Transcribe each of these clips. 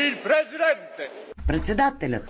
Il Председателят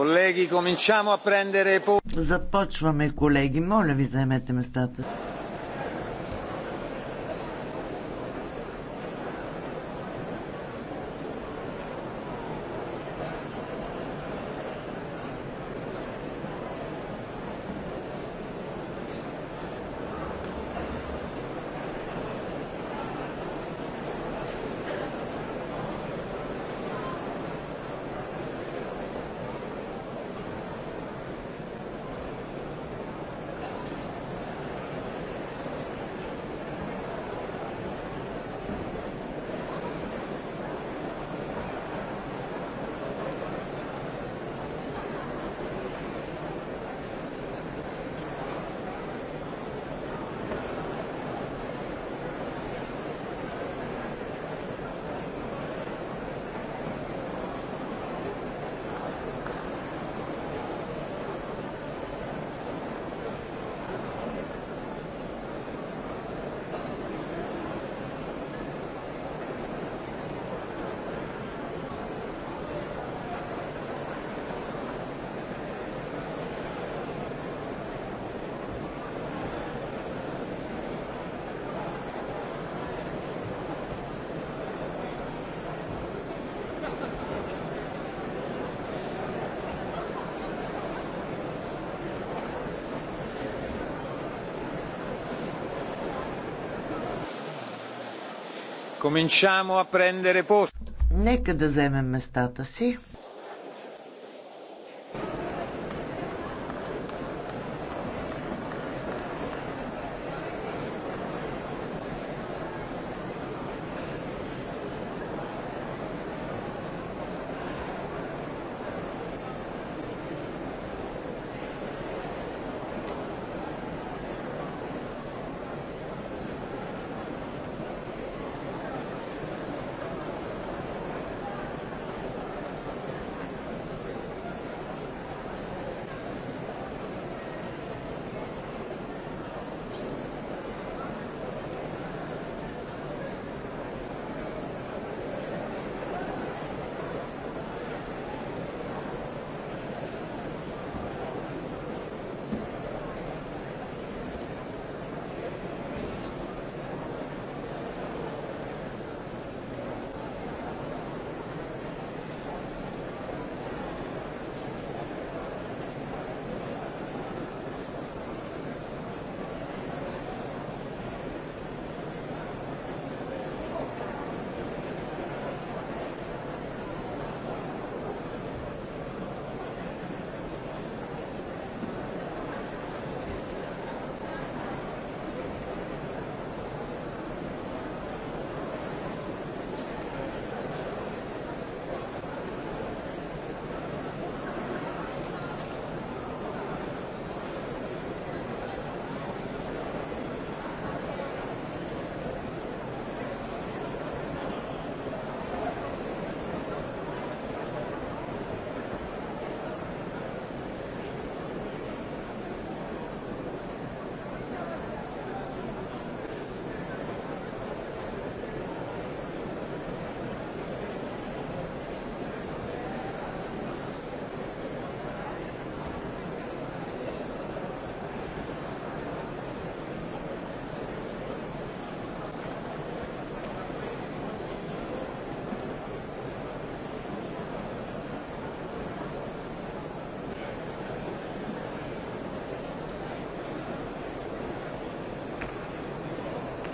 Колеги, cominciamo a prendere Започваме, колеги. Моля ви, заемете местата. Cominciamo a prendere posto. Нека да вземем местата си.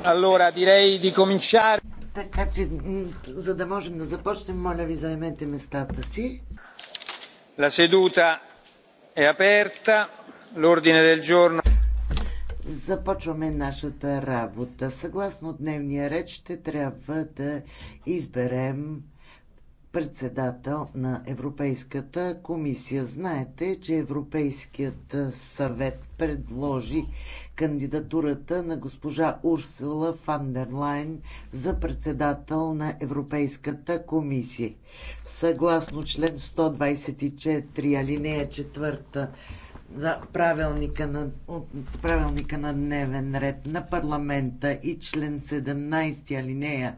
Allora direi di cominciare. Така че, за да можем да започнем, моля ви, заемете местата си. La seduta è aperta. L'ordine del giorno. Започваме нашата работа. Съгласно дневния ред ще трябва да изберем председател на Европейската комисия. Знаете, че Европейският съвет предложи кандидатурата на госпожа Урсула Фандерлайн за председател на Европейската комисия. Съгласно член 124 алинея 4 за правилника на, от правилника на дневен ред на парламента и член 17 алинея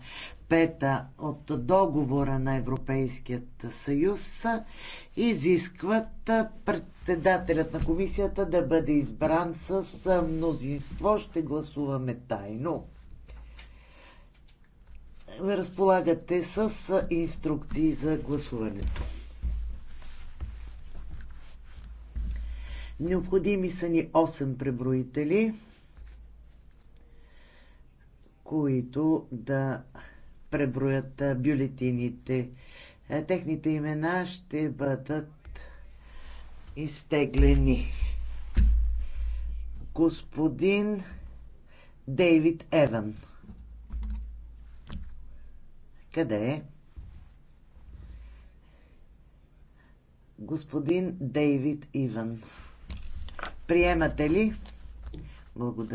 пета от договора на Европейският съюз изискват председателят на комисията да бъде избран с мнозинство. Ще гласуваме тайно. Разполагате с инструкции за гласуването. Необходими са ни 8 преброители, които да преброят бюлетините. Техните имена ще бъдат изтеглени. Господин Дейвид Еван. Къде е? Господин Дейвид Иван. Приемате ли? Благодаря.